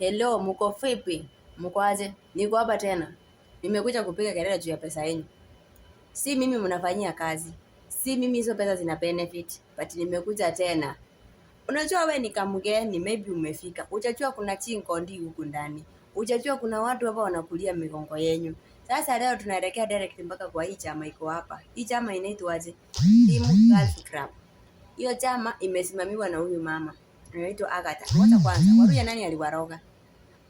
Hello, muko vipi? Mko aje? Niko hapa tena. Nimekuja kupiga kelele juu ya pesa yenu. Si mimi mnafanyia kazi. Si mimi hizo pesa zina benefit, but nimekuja tena. Unajua we ni kamgeni, maybe umefika. Ujajua kuna chinkondi huku ndani. Ujajua kuna watu hapa wanakulia migongo yenyu. Sasa leo tunaelekea direct mpaka kwa hii chama iko hapa. Hii chama inaitwaje? Team Girls Club. Hiyo chama imesimamiwa na huyu mama. Anaitwa Agatha. Kwanza kwanza, waruja nani aliwaroga?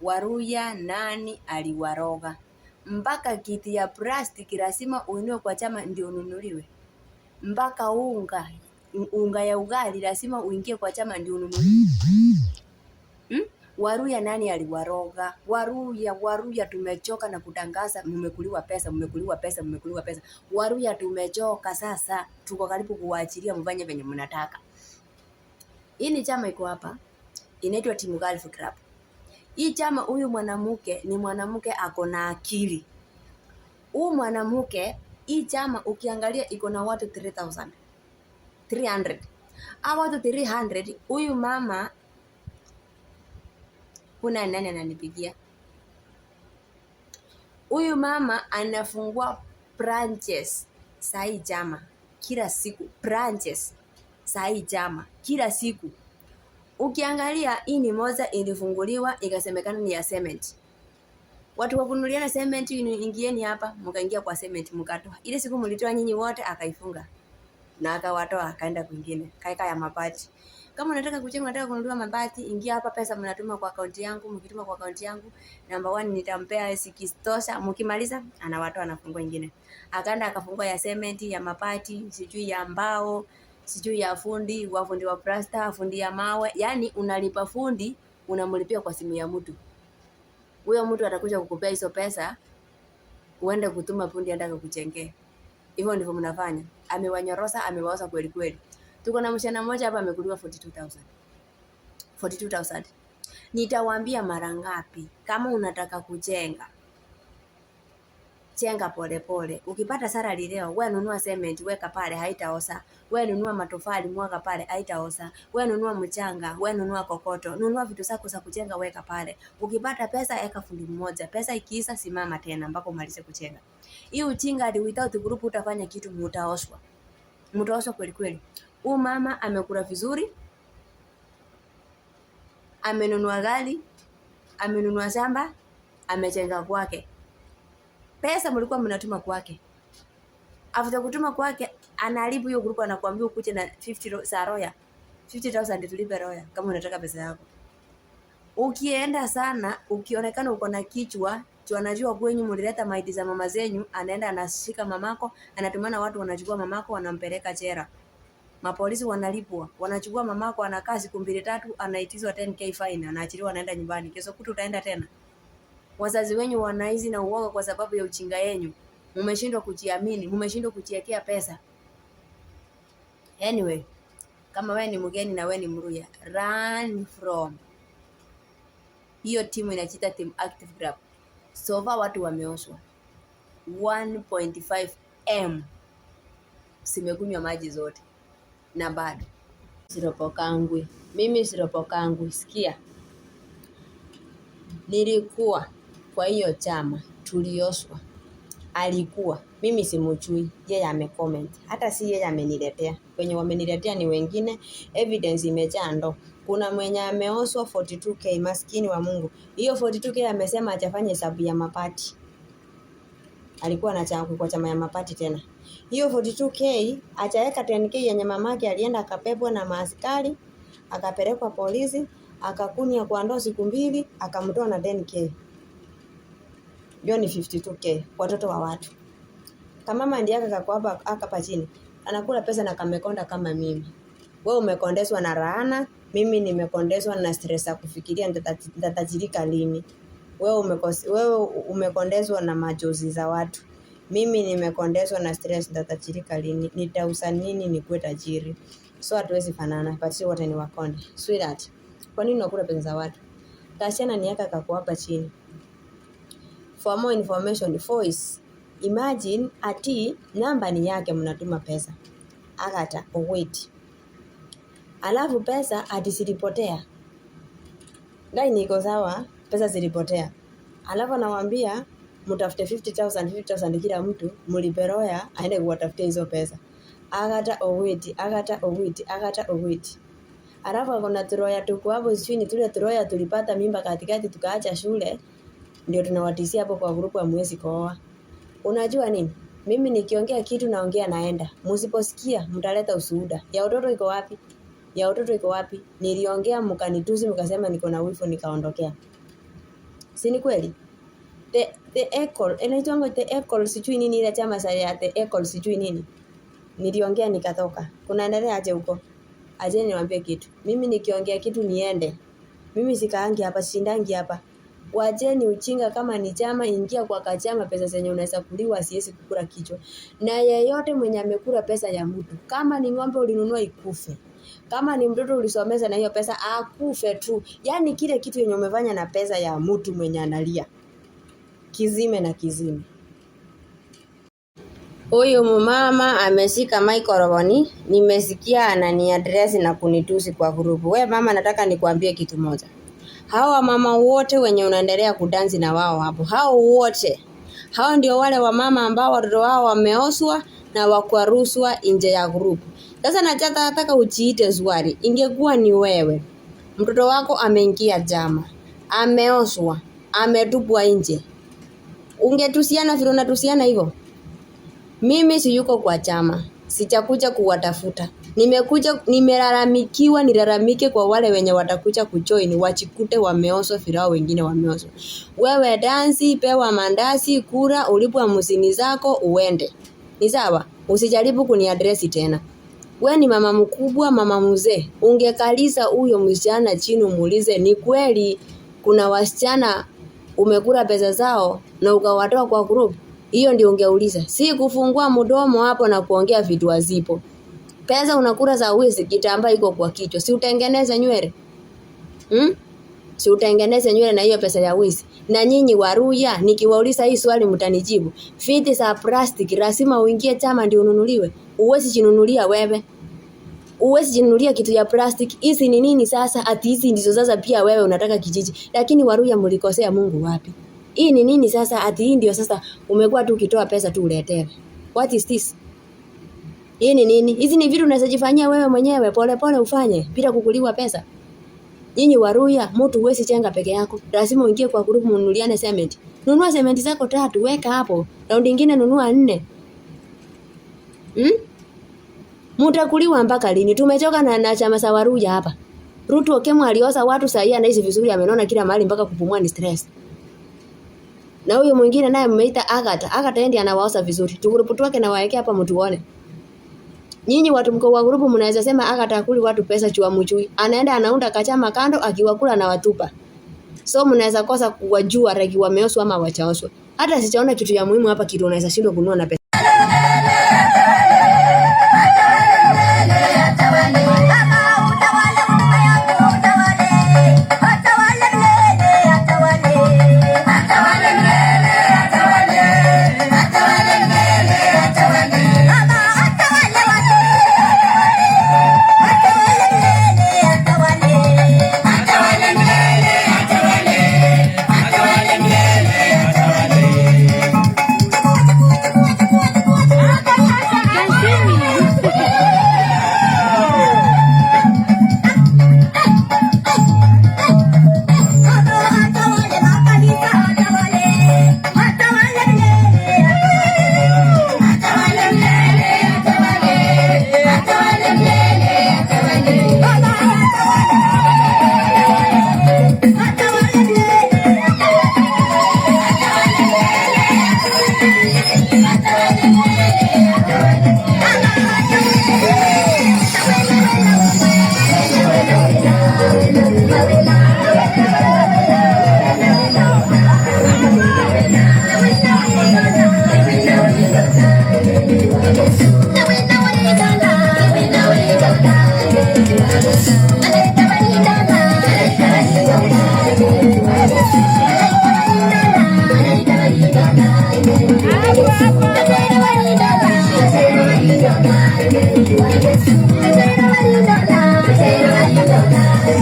waruya nani aliwaroga mpaka kiti ya plastiki lazima uinue kwa chama ndio ununuliwe, mpaka unga unga ya ugali lazima uingie kwa chama ndio ununuliwe. Hmm? Waruya nani aliwaroga? Waruya, Waruya tumechoka na kutangaza mmekuliwa pesa, mmekuliwa pesa, mmekuliwa pesa. Waruya tumechoka sasa, tuko karibu kuwaachilia mfanye venye mnataka. Hii ni chama iko hapa inaitwa Timu Golf Club hii chama huyu mwanamke ni mwanamke ako na akili. Huyu mwanamke hii chama ukiangalia iko na watu 3000. 300. au watu 300 huyu mama kuna nani ananipigia? Huyu mama anafungua branches saa chama kila siku, branches saa chama kila siku Ukiangalia hii ni moza ilifunguliwa ikasemekana ni ya cement. Watu wakunuliana cement, ingieni hapa, mkaingia kwa cement mkatoa. Ile siku mlitoa nyinyi wote, akaifunga. Na akawatoa akaenda kwingine. Kaeka ya mabati. Kama unataka kujenga, unataka kununua mabati, ingia hapa, pesa mnatuma kwa akaunti yangu, mkituma kwa akaunti yangu, namba 1 nitampea sikitosha, mkimaliza anawatoa anafungua nyingine. Akaenda akafungua ya cement, ya mabati, sijui ya mbao, sijui ya fundi wa fundi wa plasta, fundi ya mawe, yaani unalipa fundi, unamlipia kwa simu ya mtu. Huyo mtu atakuja kukupea hizo pesa, uende kutuma fundi aende kukujengea. Hivyo ndivyo mnafanya. Amewanyorosa, amewaosa kweli kweli. Tuko na mshana mmoja hapa amekuliwa 42000. 42000. Nitawaambia mara ngapi kama unataka kujenga Chenga polepole. Ukipata salary leo, we nunua cement weka pale haitaosa. We nunua matofali mwaga pale haitaosa. We nunua mchanga, we nunua kokoto, nunua vitu zako za kujenga weka pale. Ukipata pesa eka fundi mmoja, pesa ikiisha simama tena mpaka umalize kujenga. Hii uchinga ali without group utafanya kitu mutaoshwa, mutaoshwa kweli kweli. Huyu mama amekula vizuri, amenunua gari, amenunua shamba, amechenga kwake pesa mlikuwa mnatuma kwake. afuta kutuma kwake anaharibu hiyo grupu, anakuambia ukuje na 50 za roya 50000 tulipe roya kama unataka pesa yako. Ukienda sana, ukionekana uko na kichwa tu, anajua kwenyu mlileta maiti za mama zenyu, anaenda anashika mamako, anatumana watu wanachukua mamako, wanampeleka jera Mapolisi wanalipwa, wanachukua mamako, anakaa siku mbili tatu, anaitizwa 10k fine, anaachiliwa, anaenda nyumbani. Kesho kutu utaenda tena wazazi wenyu wanaizi na uoga kwa sababu ya ujinga yenyu, mumeshindwa kujiamini, mumeshindwa kujiwekea pesa. Anyway, kama we ni mgeni na we ni mruya run from hiyo timu inachita team active grab. So far watu wameoshwa 1.5 m simekunywa maji zote na bado siropokangwi. Mimi siropokangwi, sikia, nilikuwa kwa hiyo chama tulioswa alikuwa mimi simuchui yeye amecomment, hata si yeye ameniletea. Wenye wameniletea ni wengine, evidence imejaa ndo. Kuna mwenye ameoswa 42k, maskini wa Mungu. Hiyo 42k amesema achafanye hesabu ya mapati, alikuwa na chama kwa chama ya mapati tena. Hiyo 42k achaweka 10k yenye mamake alienda akapepwa na maaskari, akapelekwa polisi, akakunia kwa ndoo siku mbili, akamtoa na 10k hiyo ni 52k kwa watoto wa watu. Kama mama ndiye akako hapa akapa chini anakula pesa na kamekonda kama mimi. Wewe umekondeswa na laana, mimi nimekondeswa na stress ya kufikiria nitatajirika lini. Wewe umekose, wewe umekondeswa na majozi za watu. Mimi nimekondeswa na stress nitatajirika lini, Nitausa nini nikuwe tajiri. So hatuwezi fanana, but wote ni wakonde. Sweetheart, kwa nini unakula pesa za watu? Kasiana ni yaka akakuapa chini. For more information, voice. Imagine ati namba ni yake mnatuma pesa akata uwait, alafu pesa ati zilipotea, dai niko sawa, pesa zilipotea, alafu anawambia mtafute 50000 50000 kila mtu mliperoya aende kuwatafutia hizo pesa akata owiti akata owiti akata owiti. Alafu akona turoya tuku hapo, sijui ni tule turoya tulipata mimba katikati tukaacha shule. Ndio tunawatisia hapo kwa grupu, hamwezi kuoa. Unajua nini? Mimi nikiongea kitu naongea naenda. Msiposikia mtaleta usuda. Ya watoto iko wapi? Ya watoto iko wapi? Niliongea mkanituzi, mkasema niko na wifu, nikaondokea. Si ni kweli? The the ecol inaitwa the echo, sijui nini ile chama ya the echo, sijui nini. Niliongea nikatoka. Kunaendelea aje huko? Aje niwaambie kitu. Mimi nikiongea kitu niende. Mimi sikaangi hapa, sindangi hapa wajeni uchinga, kama ni chama ingia kwa kachama, pesa zenye unaweza kuliwa asiwezi kukula kichwa. Na yeyote mwenye amekula pesa ya mtu, kama ni ng'ombe ulinunua ikufe, kama ni mtoto ulisomeza na hiyo pesa akufe tu. Yani kile kitu yenye umefanya na pesa ya mtu mwenye analia kizime na kizime. Huyu mama ameshika microphone, nimesikia ananiadresi na kunitusi kwa grupu. We mama, nataka nikwambie kitu moja. Hao wamama wote wenye unaendelea kudanzi na wao hapo, hao wote hao ndio wale wamama ambao watoto wao wameoswa na wakwaruswa nje ya grupu. Sasa nataka ujiite swali, ingekuwa ni wewe, mtoto wako ameingia jama, ameoswa, ametupwa nje, ungetusiana vile unatusiana hivyo? Mimi siyuko kwa chama sitakuja kuwatafuta. Nimekuja nimelalamikiwa nilalamike kwa wale wenye watakuja kujoin wachikute wameozwa firao wengine wameozwa. Wewe dansi, pewa mandasi kura ulipwa hamsini zako uende. Ni sawa? Usijaribu kuniadresi tena. We ni mama mkubwa, mama mzee. Ungekaliza huyo msichana chini umuulize, ni kweli kuna wasichana umekula pesa zao na ukawatoa kwa group? hiyo ndio ungeuliza, si kufungua mdomo hapo na kuongea vitu hazipo. Pesa unakula za wizi, kitambaa iko kwa kichwa, si utengeneze nywele hmm? si utengeneze nywele na hiyo pesa ya wizi. Na nyinyi Waruya, nikiwauliza hii swali mtanijibu, viti za plastiki lazima uingie chama ndio ununuliwe. Uwezi jinunulia wewe, uwezi jinunulia kitu ya plastiki. Hizi ni nini sasa? Ati hizi ndizo sasa pia wewe unataka kijiji. Lakini Waruya, mlikosea Mungu wapi? Hii ni nini sasa? Ati hii ndio sasa umekuwa tu ukitoa pesa tu uletewe. What is this? Hii ni nini? Hizi ni vitu unaweza jifanyia wewe mwenyewe pole pole ufanye bila kukuliwa pesa. Nyinyi Waruya, mtu huwezi chenga peke yako. Lazima uingie kwa grupu mnunuliane cement. Nunua cement zako tatu, weka hapo. Round nyingine nunua nne. Hmm? Mtakuliwa mpaka lini? Tumechoka na, na chama cha Waluya hapa. Ruto Okemo alioza watu sahii anaishi vizuri, amenona kila mahali mpaka kupumua ni stress. Na huyu mwingine naye mmeita Agatha. Agatha ndiye anawaosa vizuri. Tugurupu wake na waekea hapa mtuone. Nyinyi watu mko wa grupu mnaweza sema Agatha akuli watu pesa chua mchui. Anaenda anaunda kachama kando akiwakula na watupa. So mnaweza kosa kuwajua raki wameoswa ama wachaoswa. Hata sichaona kitu ya muhimu hapa kitu unaweza shindwa kununua na pesa.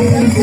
Thank you.